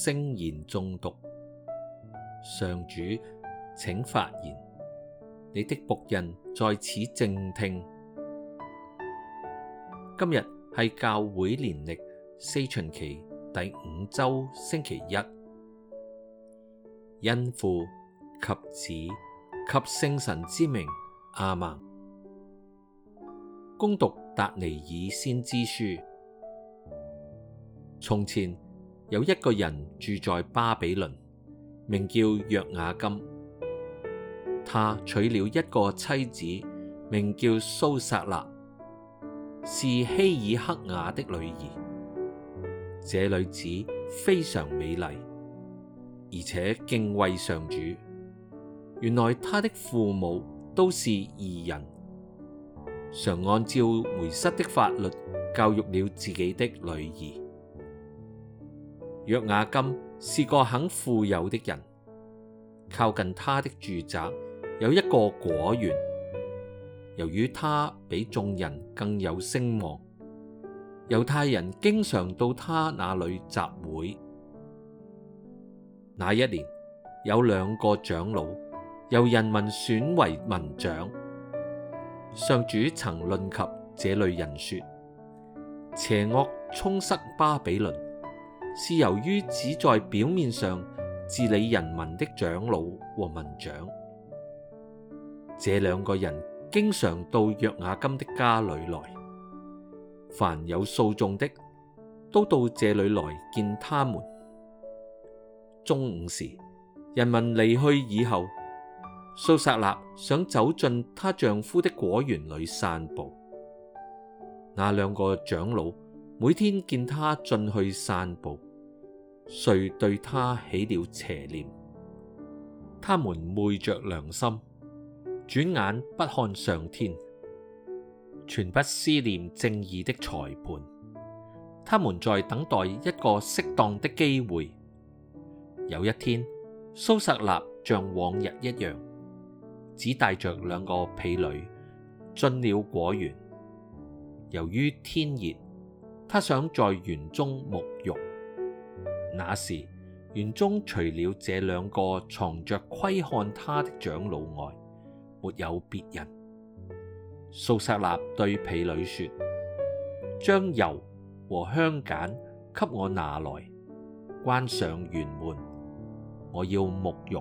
聖言誦讀，上主，請發言，你的僕人在此靜聽。今日係教會年曆四旬期第五周星期一，因父及子及聖神之名，阿門。恭讀達尼爾先知書，從前，有一個人住在巴比倫，名叫約雅金。他娶了一個妻子，名叫蘇撒納，是希耳克雅的女兒。這女子非常美麗，而且敬畏上主。原來她的父母都是義人，常按照梅瑟的法律教育了自己的女兒。約雅金是個很富有的人，靠近他的住宅有一個果園。由於他比眾人更有聲望，猶太人經常到他那裏集會。那一年有兩個長老由人民選為民長。上主曾論及這類人說：邪惡充塞巴比倫。是由於只在表面上治理人民的長老和民長，這兩個人經常到約雅金的家裏來。凡有訴訟的，都到這裏來見他們。中午時，人民離去以後，蘇撒納常走進她丈夫的果園裏散步。那兩個長老每天見她進去散步。誰對他起了邪念？他們昧着良心，轉眼不看上天，全不思念正義的裁判。他們在等待一個適當的機會。有一天，蘇撒納像往日一樣，只帶着兩個婢女進了果園。由於天熱，他想在園中沐浴。那時園中除了這兩個藏着窺看她的長老外，沒有別人。蘇撒納對婢女說：將油和香皂給我拿來，關上園門，我要沐浴。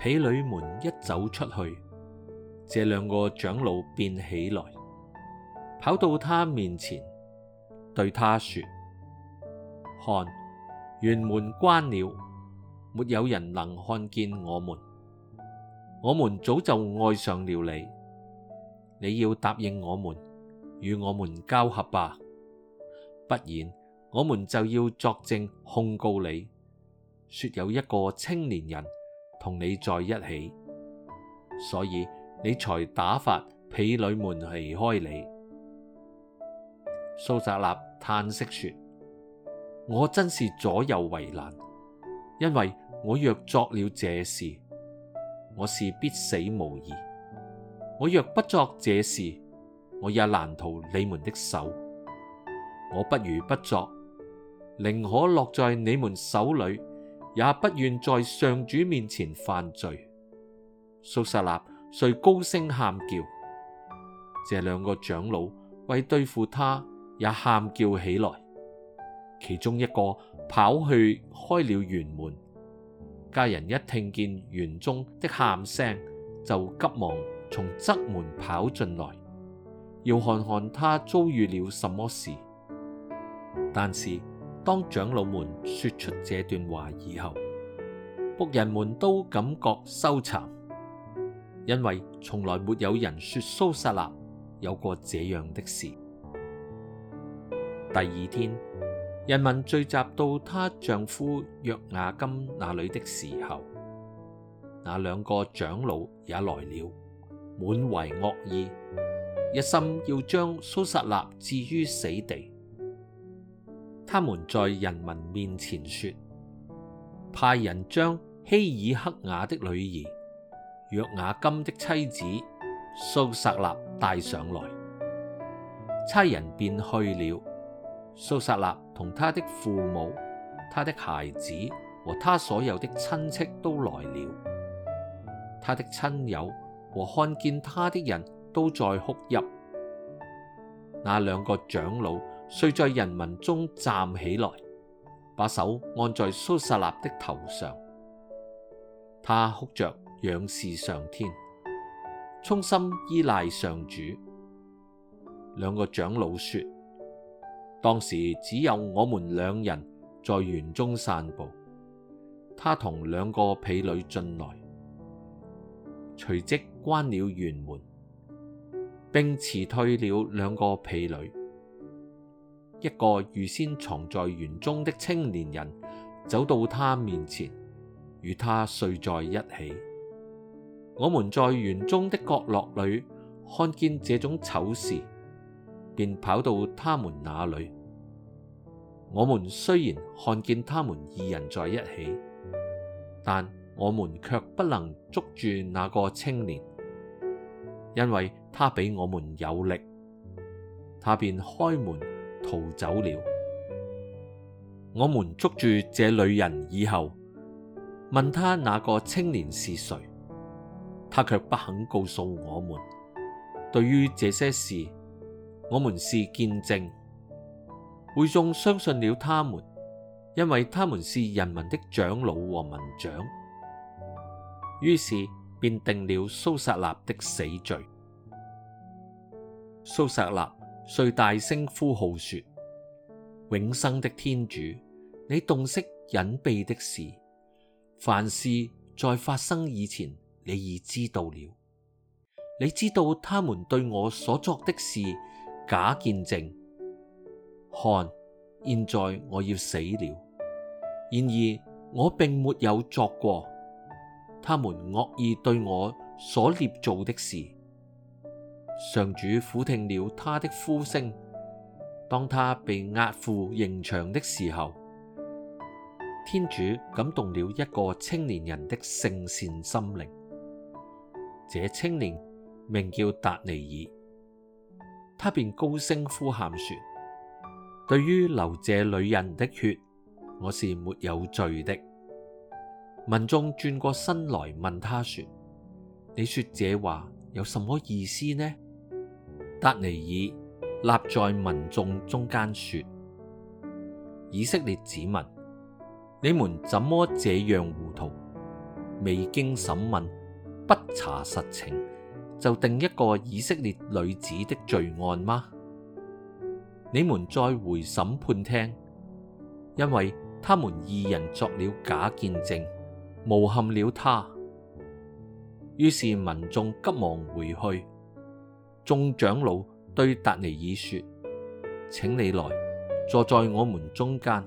婢女們一走出去，這兩個長老便起來，跑到她面前，對她說。看，園門關了，沒有人能看見我們。我們早就愛上了你，你要答應我們與我們交合吧，不然我們就要作證控告你，說有一個青年人同你在一起，所以你才打發婢女們離開你。蘇撒納嘆息說。我真是左右為難，因為我若作了這事，我是必死無疑；我若不作這事，我也難逃你們的手。我不如不作，寧可落在你們手裏，也不願在上主面前犯罪。蘇撒納遂高聲喊叫，這兩個長老為對付他，也喊叫起來。其中一個跑去開了園門，家人一聽見園中的喊聲，就急忙從側門跑進來，要看看她遭遇了什麼事。但是當長老們說出這段話以後，僕人們都感覺羞慚，因為從來沒有人說蘇撒納有過這樣的事。第二天。人民聚集到她丈夫約雅金那裏的時候，那兩個長老也來了，滿懷惡意，一心要將蘇撒納置於死地。他們在人民面前說：派人將希耳克雅的女兒，約雅金的妻子、蘇撒納帶上來。差人便去了，蘇撒納。同他的父母、他的孩子和他所有的親戚都來了，他的親友和看見他的人都在哭泣。那兩個長老遂在人民中站起來，把手按在蘇撒納的頭上，他哭着仰視上天，衷心依賴上主。兩個長老說。當時只有我們兩人，在園中散步。她同兩個婢女進來，隨即關了園門，並辭退了兩個婢女。一個預先藏在園中的青年人走到她面前，與她睡在一起。我們在園中的角落裏看見這種醜事。便跑到他們那裏。我們雖然看見他們二人在一起，但我們卻不能捉住那個青年，因為他比我們有力。他便開門逃走了。我們捉住這女人以後，問她那個青年是誰，她卻不肯告訴我們。對於這些事，我們是見證。會眾相信了他們，因為他們是人民的長老和民長。於是便定了蘇撒納的死罪。蘇撒納遂大聲呼號說：永生的天主，你洞悉隱秘的事，凡事在發生以前你已知道了。你知道他們對我所作的事。假見證，看，現在我要死了。然而我並沒有作過，他們惡意對我所捏造的事。上主俯聽了他的呼聲，當他被押赴刑場的時候，天主感動了一個青年人的聖善心靈。這青年名叫達尼爾。他便高聲呼喊說：對於流這女人的血，我是沒有罪的。民眾轉過身來問他說：你說這話有什麼意思呢？達尼爾立在民眾中間說：以色列子民，你們怎麼這樣糊塗？未經審問，不查實情。就定一個以色列女子的罪案嗎？你們再回審判廳，因為他們二人作了假見證，誣陷了她。於是民眾急忙回去，眾長老對達尼爾說：“請你來，坐在我們中間，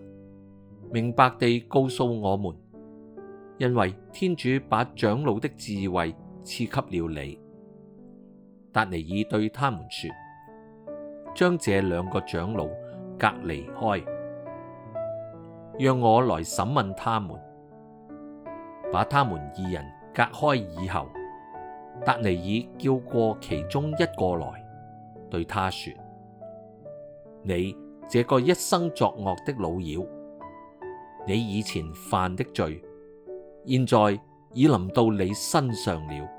明白地告訴我們，因為天主把長老的智慧賜給了你。”達尼爾對他們說：將這兩個長老隔離開，讓我來審問他們。把他們二人隔開以後，達尼爾叫過其中一個來，對他說：你這個一生作惡的老妖，你以前犯的罪，現在已臨到你身上了。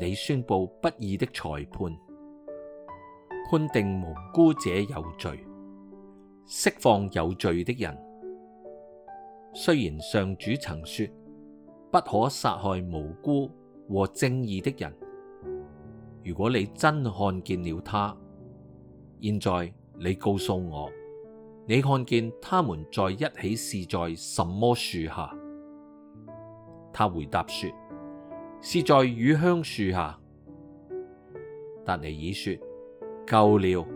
你宣佈不義的裁判，判定無辜者有罪，釋放有罪的人。雖然上主曾說不可殺害無辜和正義的人，如果你真看見了他，現在你告訴我，你看見他們在一起是在什麼樹下？他回答說。是在乳香樹下，達尼爾說：夠了，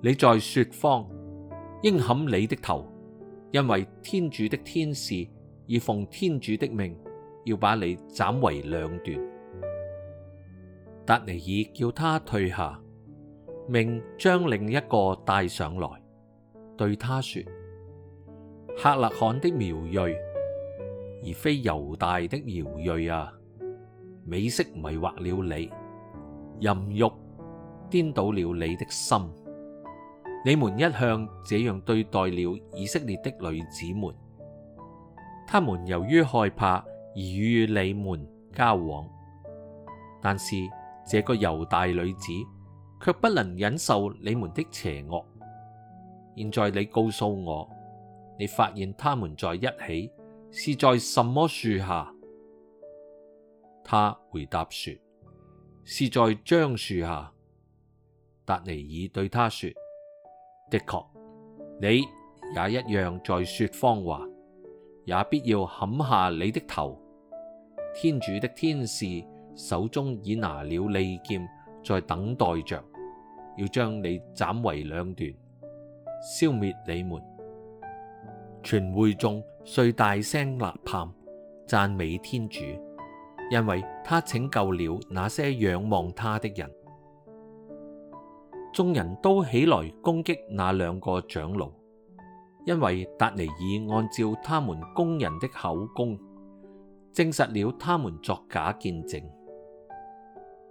你在說謊，應砍你的頭，因為天主的天使已奉天主的命要把你斬為兩段。達尼爾叫他退下，命將另一個帶上來，對他說：客納罕的苗裔，而非猶大的苗裔啊！美色迷惑了你，淫慾顛倒了你的心。你們一向這樣對待了以色列的女子們，她們由於害怕而與你們交往，但是這個猶大女子却不能忍受你們的邪惡。現在你告訴我，你發現她們在一起是在什麼樹下？他回答說：是在樟樹下。達尼爾對他說：的確，你也一樣在說謊話，也必要砍下你的頭。天主的天使手中已拿了利劍，在等待着，要將你斬為兩段，消滅你們。全會眾遂大聲吶喊，讚美天主。因為他拯救了那些仰望他的人。眾人都起來攻擊那兩個長老，因為達尼爾按照他們工人的口供，證實了他們作假見證。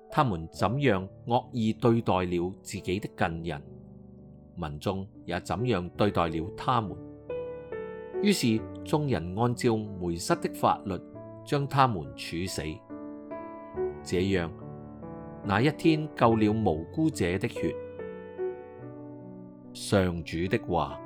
他們怎樣惡意對待了自己的近人，民眾也怎樣對待了他們。於是眾人按照梅瑟的法律，將他們處死，這樣那一天救了無辜者的血。上主的話，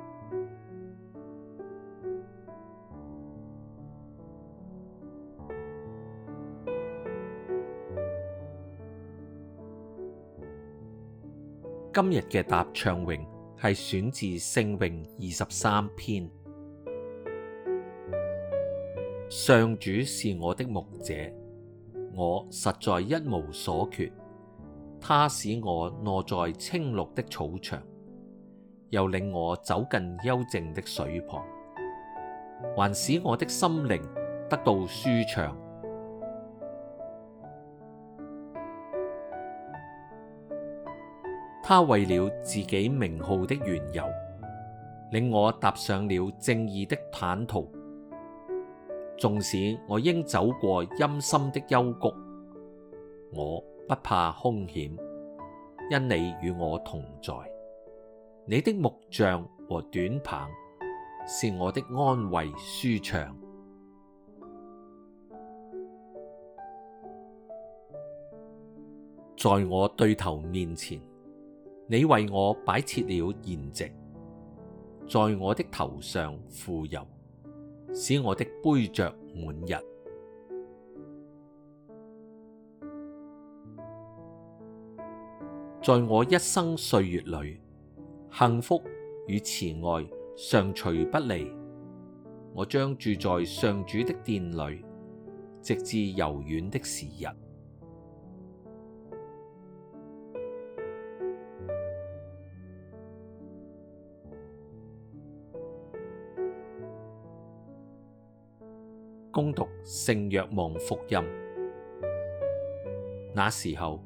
今日嘅答唱詠係選自聖詠二十三篇。上主是我的牧者，我實在一無所缺。他使我臥在青綠的草場，又令我走近幽靜的水旁，還使我的心靈得到舒暢。他為了自己名號的緣由，令我踏上了正義的坦途。縱使我應走過陰森的幽谷，我不怕凶險，因你與我同在。你的牧杖和短棒是我的安慰舒暢，在我對頭面前，你為我擺設了筵席，在我的頭上傅油。使我的杯爵滿溢，在我一生歲月裏，幸福與慈愛常隨不離。我將住在上主的殿裏，直至遙遠的時日。恭讀聖若望福音。那時候，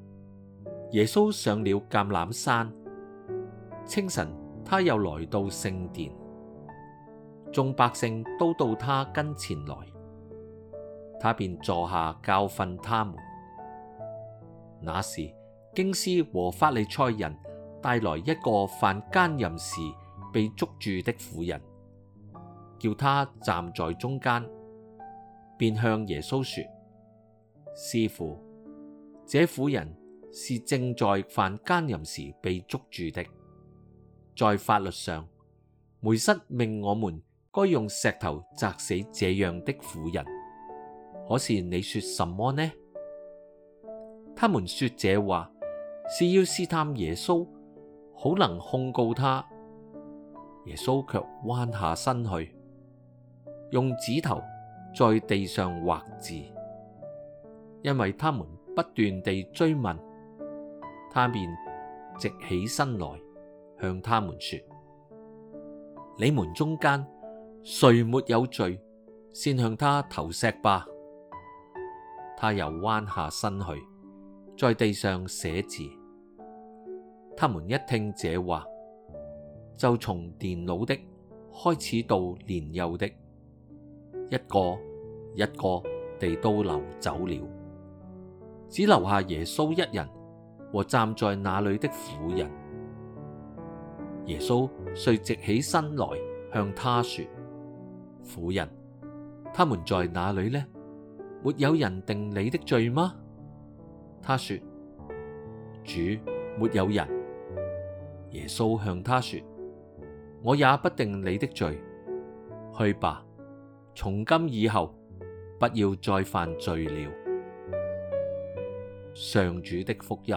耶穌上了橄欖山。清晨，他又來到聖殿，眾百姓都到他跟前來，他便坐下教訓他們。那時，經師和法利賽人帶來一個犯姦淫時被捉住的婦人，叫他站在中間。便向耶穌說：師父，這婦人是正在犯奸淫時被捉住的，在法律上，梅瑟命我們該用石頭砸死這樣的婦人。可是你說什麼呢？他們說這話是要試探耶穌，好能控告他。耶穌卻彎下身去，用指頭。在地上畫字，因為他們不斷地追問，他便直起身來向他們說：你們中間誰沒有罪，先向他投石吧。他又彎下身去，在地上寫字。他們一聽這話，就從年老的開始到年幼的。一個一個地都溜走了，只留下耶穌一人和站在那裏的婦人。耶穌遂直起身來向他說：婦人，他們在哪裏呢？沒有人定你的罪嗎？他說：主，沒有人。耶穌向他說：我也不定你的罪，去吧。從今以後，不要再犯罪了。上主的福音。